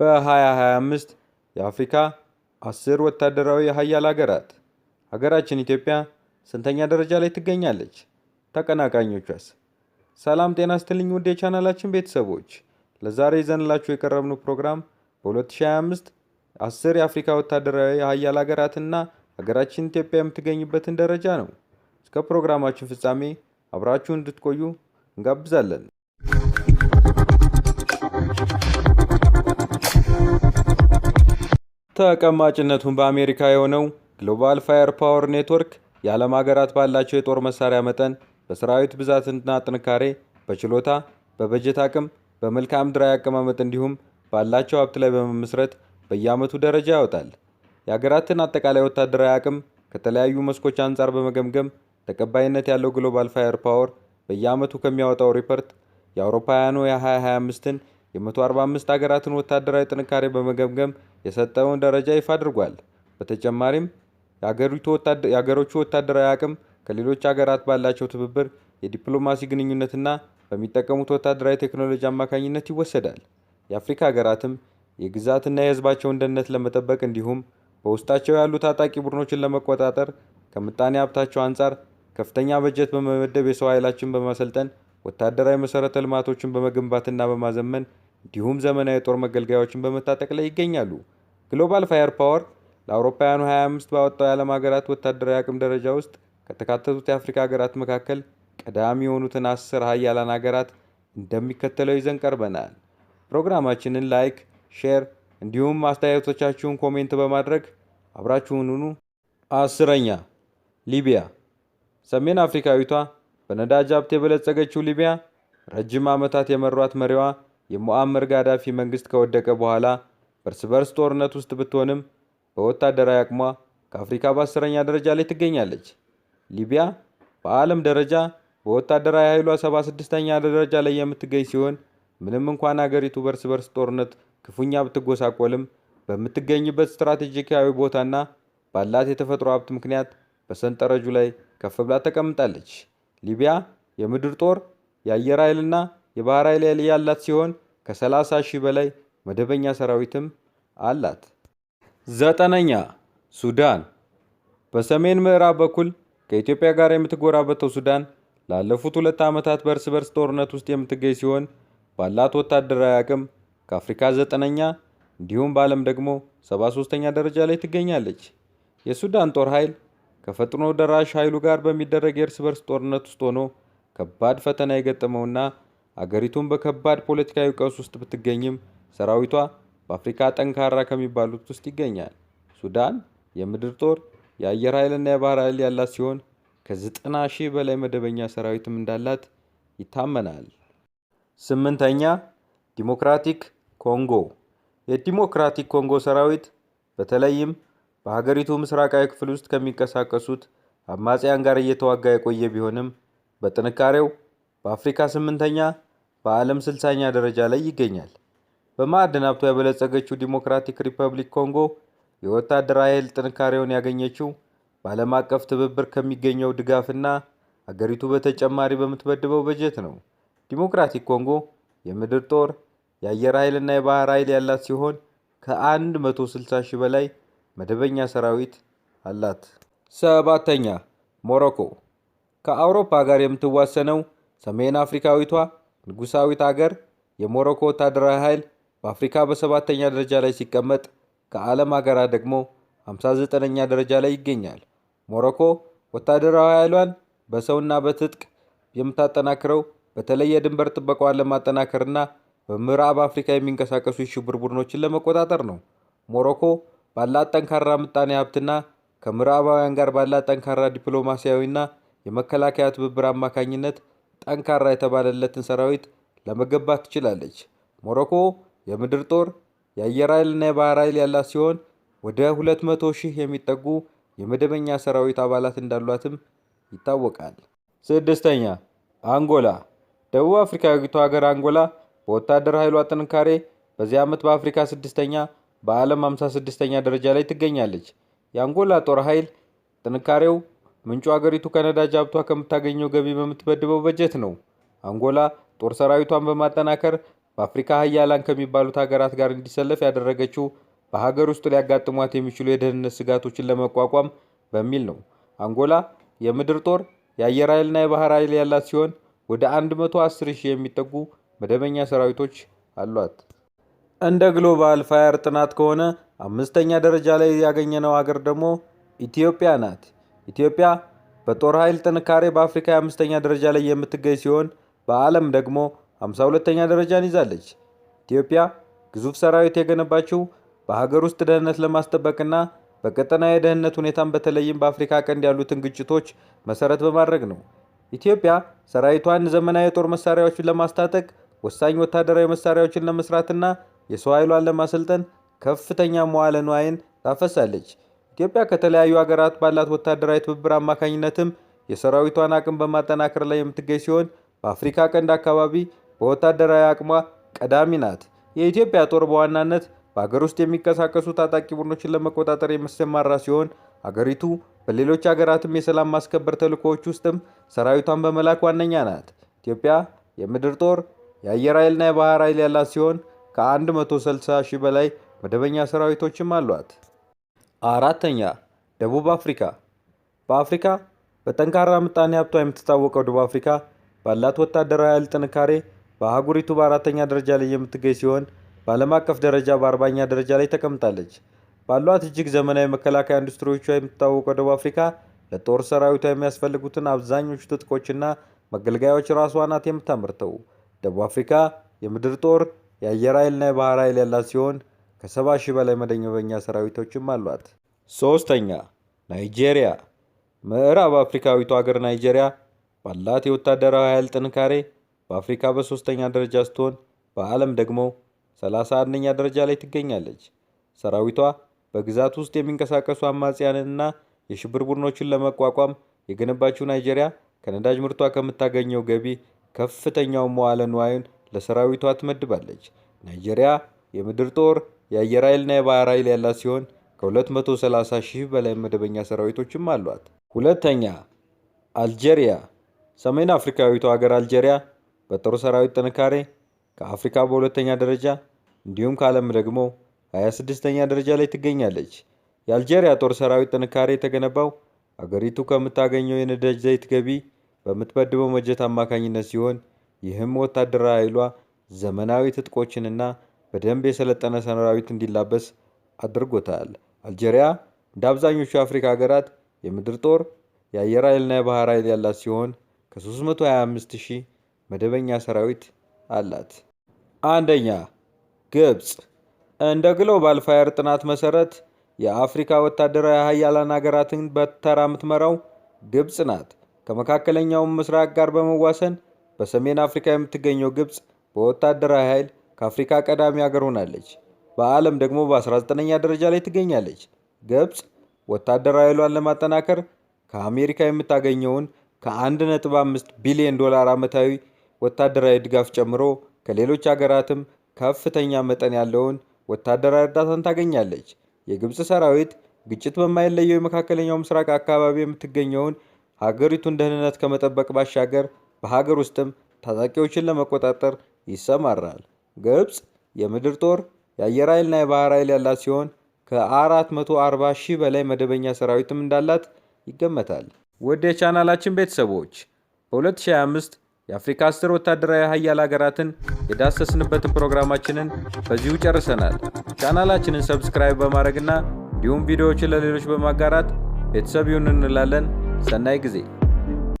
በ2025 የአፍሪካ አስር ወታደራዊ ሀያል ሀገራት ሀገራችን ኢትዮጵያ ስንተኛ ደረጃ ላይ ትገኛለች? ተቀናቃኞቿስ? ሰላም ጤና ስትልኝ ውድ የቻናላችን ቤተሰቦች ለዛሬ ይዘንላችሁ የቀረብነው ፕሮግራም በ2025 አስር የአፍሪካ ወታደራዊ ሀያል ሀገራትና ሀገራችን ኢትዮጵያ የምትገኝበትን ደረጃ ነው። እስከ ፕሮግራማችን ፍጻሜ አብራችሁ እንድትቆዩ እንጋብዛለን። ተቀማጭነቱን በአሜሪካ የሆነው ግሎባል ፋየር ፓወር ኔትወርክ የዓለም ሀገራት ባላቸው የጦር መሳሪያ መጠን፣ በሰራዊት ብዛትና ጥንካሬ፣ በችሎታ፣ በበጀት አቅም፣ በመልክዓ ምድራዊ አቀማመጥ እንዲሁም ባላቸው ሀብት ላይ በመመስረት በየዓመቱ ደረጃ ያወጣል። የሀገራትን አጠቃላይ ወታደራዊ አቅም ከተለያዩ መስኮች አንጻር በመገምገም ተቀባይነት ያለው ግሎባል ፋየር ፓወር በየዓመቱ ከሚያወጣው ሪፖርት የአውሮፓውያኑ የ2025ን የ145 ሀገራትን ወታደራዊ ጥንካሬ በመገምገም የሰጠውን ደረጃ ይፋ አድርጓል። በተጨማሪም የሀገሮቹ ወታደራዊ አቅም ከሌሎች ሀገራት ባላቸው ትብብር፣ የዲፕሎማሲ ግንኙነትና በሚጠቀሙት ወታደራዊ ቴክኖሎጂ አማካኝነት ይወሰዳል። የአፍሪካ ሀገራትም የግዛትና የሕዝባቸውን ደህንነት ለመጠበቅ እንዲሁም በውስጣቸው ያሉ ታጣቂ ቡድኖችን ለመቆጣጠር ከምጣኔ ሀብታቸው አንጻር ከፍተኛ በጀት በመመደብ የሰው ኃይላችን በማሰልጠን ወታደራዊ መሰረተ ልማቶችን በመገንባትና በማዘመን እንዲሁም ዘመናዊ የጦር መገልገያዎችን በመታጠቅ ላይ ይገኛሉ። ግሎባል ፋየር ፓወር ለአውሮፓውያኑ 25 ባወጣው የዓለም ሀገራት ወታደራዊ አቅም ደረጃ ውስጥ ከተካተቱት የአፍሪካ ሀገራት መካከል ቀዳሚ የሆኑትን አስር ሀያላን ሀገራት እንደሚከተለው ይዘን ቀርበናል። ፕሮግራማችንን ላይክ፣ ሼር እንዲሁም አስተያየቶቻችሁን ኮሜንት በማድረግ አብራችሁን ሁኑ። አስረኛ ሊቢያ። ሰሜን አፍሪካዊቷ በነዳጅ ሀብት የበለጸገችው ሊቢያ ረጅም ዓመታት የመሯት መሪዋ የሙአምር ጋዳፊ መንግስት ከወደቀ በኋላ በእርስ በርስ ጦርነት ውስጥ ብትሆንም በወታደራዊ አቅሟ ከአፍሪካ በአስረኛ ደረጃ ላይ ትገኛለች። ሊቢያ በዓለም ደረጃ በወታደራዊ ኃይሏ 76ኛ ደረጃ ላይ የምትገኝ ሲሆን ምንም እንኳን አገሪቱ በእርስ በርስ ጦርነት ክፉኛ ብትጎሳቆልም በምትገኝበት ስትራቴጂካዊ ቦታና ባላት የተፈጥሮ ሀብት ምክንያት በሰንጠረጁ ላይ ከፍ ብላ ተቀምጣለች። ሊቢያ የምድር ጦር፣ የአየር ኃይልና የባህር ኃይል ያላት ሲሆን ከ30 ሺህ በላይ መደበኛ ሰራዊትም አላት። ዘጠነኛ ሱዳን በሰሜን ምዕራብ በኩል ከኢትዮጵያ ጋር የምትጎራበተው ሱዳን ላለፉት ሁለት ዓመታት በእርስ በርስ ጦርነት ውስጥ የምትገኝ ሲሆን ባላት ወታደራዊ አቅም ከአፍሪካ ዘጠነኛ እንዲሁም በዓለም ደግሞ 73ኛ ደረጃ ላይ ትገኛለች። የሱዳን ጦር ኃይል ከፈጥኖ ደራሽ ኃይሉ ጋር በሚደረግ የእርስ በርስ ጦርነት ውስጥ ሆኖ ከባድ ፈተና የገጠመውና አገሪቱን በከባድ ፖለቲካዊ ቀውስ ውስጥ ብትገኝም ሰራዊቷ በአፍሪካ ጠንካራ ከሚባሉት ውስጥ ይገኛል። ሱዳን የምድር ጦር፣ የአየር ኃይልና የባህር ኃይል ያላት ሲሆን ከዘጠና ሺህ በላይ መደበኛ ሰራዊትም እንዳላት ይታመናል። ስምንተኛ ዲሞክራቲክ ኮንጎ። የዲሞክራቲክ ኮንጎ ሰራዊት በተለይም በሀገሪቱ ምስራቃዊ ክፍል ውስጥ ከሚንቀሳቀሱት አማጽያን ጋር እየተዋጋ የቆየ ቢሆንም በጥንካሬው በአፍሪካ ስምንተኛ በዓለም ስልሳኛ ደረጃ ላይ ይገኛል። በማዕድን ሀብቷ የበለጸገችው ዲሞክራቲክ ሪፐብሊክ ኮንጎ የወታደራዊ ኃይል ጥንካሬውን ያገኘችው በዓለም አቀፍ ትብብር ከሚገኘው ድጋፍና አገሪቱ በተጨማሪ በምትመድበው በጀት ነው። ዲሞክራቲክ ኮንጎ የምድር ጦር፣ የአየር ኃይልና የባህር ኃይል ያላት ሲሆን ከ160 ሺህ በላይ መደበኛ ሰራዊት አላት። ሰባተኛ ሞሮኮ ከአውሮፓ ጋር የምትዋሰነው ሰሜን አፍሪካዊቷ ንጉሳዊት አገር የሞሮኮ ወታደራዊ ኃይል በአፍሪካ በሰባተኛ ደረጃ ላይ ሲቀመጥ ከዓለም ሀገራት ደግሞ 59ኛ ደረጃ ላይ ይገኛል። ሞሮኮ ወታደራዊ ኃይሏን በሰውና በትጥቅ የምታጠናክረው በተለይ የድንበር ጥበቃዋን ለማጠናከርና በምዕራብ አፍሪካ የሚንቀሳቀሱ የሽብር ቡድኖችን ለመቆጣጠር ነው። ሞሮኮ ባላት ጠንካራ ምጣኔ ሀብትና ከምዕራባውያን ጋር ባላት ጠንካራ ዲፕሎማሲያዊና የመከላከያ ትብብር አማካኝነት ጠንካራ የተባለለትን ሰራዊት ለመገንባት ትችላለች። ሞሮኮ የምድር ጦር፣ የአየር ኃይልና የባህር ኃይል ያላት ሲሆን ወደ 200 ሺህ የሚጠጉ የመደበኛ ሰራዊት አባላት እንዳሏትም ይታወቃል። ስድስተኛ አንጎላ። ደቡብ አፍሪካዊቷ ሀገር አንጎላ በወታደር ኃይሏ ጥንካሬ በዚህ ዓመት በአፍሪካ ስድስተኛ በዓለም 56ኛ ደረጃ ላይ ትገኛለች። የአንጎላ ጦር ኃይል ጥንካሬው ምንጩ አገሪቱ ከነዳጅ ሀብቷ ከምታገኘው ገቢ በምትመድበው በጀት ነው። አንጎላ ጦር ሰራዊቷን በማጠናከር በአፍሪካ ሀያላን ከሚባሉት ሀገራት ጋር እንዲሰለፍ ያደረገችው በሀገር ውስጥ ሊያጋጥሟት የሚችሉ የደህንነት ስጋቶችን ለመቋቋም በሚል ነው። አንጎላ የምድር ጦር፣ የአየር ኃይልና የባህር ኃይል ያላት ሲሆን ወደ 110 ሺህ የሚጠጉ መደበኛ ሰራዊቶች አሏት። እንደ ግሎባል ፋየር ጥናት ከሆነ አምስተኛ ደረጃ ላይ ያገኘነው ሀገር ደግሞ ኢትዮጵያ ናት። ኢትዮጵያ በጦር ኃይል ጥንካሬ በአፍሪካ የአምስተኛ ደረጃ ላይ የምትገኝ ሲሆን በዓለም ደግሞ 52ተኛ ደረጃን ይዛለች። ኢትዮጵያ ግዙፍ ሰራዊት የገነባችው በሀገር ውስጥ ደህንነት ለማስጠበቅና በቀጠና የደህንነት ሁኔታን በተለይም በአፍሪካ ቀንድ ያሉትን ግጭቶች መሰረት በማድረግ ነው። ኢትዮጵያ ሰራዊቷን ዘመናዊ የጦር መሳሪያዎችን ለማስታጠቅ ወሳኝ ወታደራዊ መሳሪያዎችን ለመስራትና የሰው ኃይሏን ለማሰልጠን ከፍተኛ መዋለ ንዋይን ታፈሳለች። ኢትዮጵያ ከተለያዩ ሀገራት ባላት ወታደራዊ ትብብር አማካኝነትም የሰራዊቷን አቅም በማጠናከር ላይ የምትገኝ ሲሆን በአፍሪካ ቀንድ አካባቢ በወታደራዊ አቅሟ ቀዳሚ ናት። የኢትዮጵያ ጦር በዋናነት በሀገር ውስጥ የሚንቀሳቀሱ ታጣቂ ቡድኖችን ለመቆጣጠር የሚሰማራ ሲሆን አገሪቱ በሌሎች ሀገራትም የሰላም ማስከበር ተልእኮዎች ውስጥም ሰራዊቷን በመላክ ዋነኛ ናት። ኢትዮጵያ የምድር ጦር፣ የአየር ኃይልና የባህር ኃይል ያላት ሲሆን ከ160 ሺህ በላይ መደበኛ ሰራዊቶችም አሏት። አራተኛ ደቡብ አፍሪካ። በአፍሪካ በጠንካራ ምጣኔ ሀብቷ የምትታወቀው ደቡብ አፍሪካ ባላት ወታደራዊ ኃይል ጥንካሬ በአህጉሪቱ በአራተኛ ደረጃ ላይ የምትገኝ ሲሆን በዓለም አቀፍ ደረጃ በአርባኛ ደረጃ ላይ ተቀምጣለች። ባሏት እጅግ ዘመናዊ መከላከያ ኢንዱስትሪዎቿ የምትታወቀው ደቡብ አፍሪካ ለጦር ሰራዊቷ የሚያስፈልጉትን አብዛኞቹ ትጥቆችና መገልገያዎች ራሷ ናት የምታመርተው። ደቡብ አፍሪካ የምድር ጦር፣ የአየር ኃይልና የባህር ኃይል ያላት ሲሆን ከሰባ ሺህ በላይ መደበኛ ሰራዊቶችም አሏት። ሶስተኛ ናይጄሪያ። ምዕራብ አፍሪካዊቱ ሀገር ናይጄሪያ ባላት የወታደራዊ ኃይል ጥንካሬ በአፍሪካ በሶስተኛ ደረጃ ስትሆን በዓለም ደግሞ 31ኛ ደረጃ ላይ ትገኛለች። ሰራዊቷ በግዛት ውስጥ የሚንቀሳቀሱ አማጽያንንና የሽብር ቡድኖችን ለመቋቋም የገነባችው ናይጄሪያ ከነዳጅ ምርቷ ከምታገኘው ገቢ ከፍተኛው መዋለ ንዋይን ለሰራዊቷ ትመድባለች። ናይጄሪያ የምድር ጦር፣ የአየር ኃይልና የባህር ኃይል ያላት ሲሆን ከ230 ሺህ በላይ መደበኛ ሰራዊቶችም አሏት። ሁለተኛ አልጄሪያ። ሰሜን አፍሪካዊቷ ሀገር አልጄሪያ በጦር ሰራዊት ጥንካሬ ከአፍሪካ በሁለተኛ ደረጃ እንዲሁም ከዓለም ደግሞ 26ኛ ደረጃ ላይ ትገኛለች። የአልጄሪያ ጦር ሰራዊት ጥንካሬ የተገነባው አገሪቱ ከምታገኘው የነዳጅ ዘይት ገቢ በምትመድበው በጀት አማካኝነት ሲሆን ይህም ወታደራዊ ኃይሏ ዘመናዊ ትጥቆችንና በደንብ የሰለጠነ ሰራዊት እንዲላበስ አድርጎታል። አልጄሪያ እንደ አብዛኞቹ የአፍሪካ ሀገራት የምድር ጦር፣ የአየር ኃይልና የባህር ኃይል ያላት ሲሆን ከ325 ሺህ መደበኛ ሰራዊት አላት። አንደኛ ግብፅ። እንደ ግሎባል ፋየር ጥናት መሰረት የአፍሪካ ወታደራዊ ሀያላን ሀገራትን በተራ የምትመራው ግብፅ ናት። ከመካከለኛው ምስራቅ ጋር በመዋሰን በሰሜን አፍሪካ የምትገኘው ግብፅ በወታደራዊ ኃይል ከአፍሪካ ቀዳሚ ሀገር ሆናለች። በዓለም ደግሞ በ19ኛ ደረጃ ላይ ትገኛለች። ግብፅ ወታደራዊ ኃይሏን ለማጠናከር ከአሜሪካ የምታገኘውን ከ1.5 ቢሊዮን ዶላር ዓመታዊ ወታደራዊ ድጋፍ ጨምሮ ከሌሎች ሀገራትም ከፍተኛ መጠን ያለውን ወታደራዊ እርዳታን ታገኛለች። የግብፅ ሰራዊት ግጭት በማይለየው የመካከለኛው ምስራቅ አካባቢ የምትገኘውን ሀገሪቱን ደህንነት ከመጠበቅ ባሻገር በሀገር ውስጥም ታጣቂዎችን ለመቆጣጠር ይሰማራል። ግብፅ የምድር ጦር፣ የአየር ኃይልና የባህር ኃይል ያላት ሲሆን ከ440 ሺህ በላይ መደበኛ ሰራዊትም እንዳላት ይገመታል። ወደ የቻናላችን ቤተሰቦች በ2025 የአፍሪካ አስር ወታደራዊ ሀያል ሀገራትን የዳሰስንበትን ፕሮግራማችንን በዚሁ ጨርሰናል። ቻናላችንን ሰብስክራይብ በማድረግና እንዲሁም ቪዲዮዎችን ለሌሎች በማጋራት ቤተሰብ ይሁን እንላለን። ሰናይ ጊዜ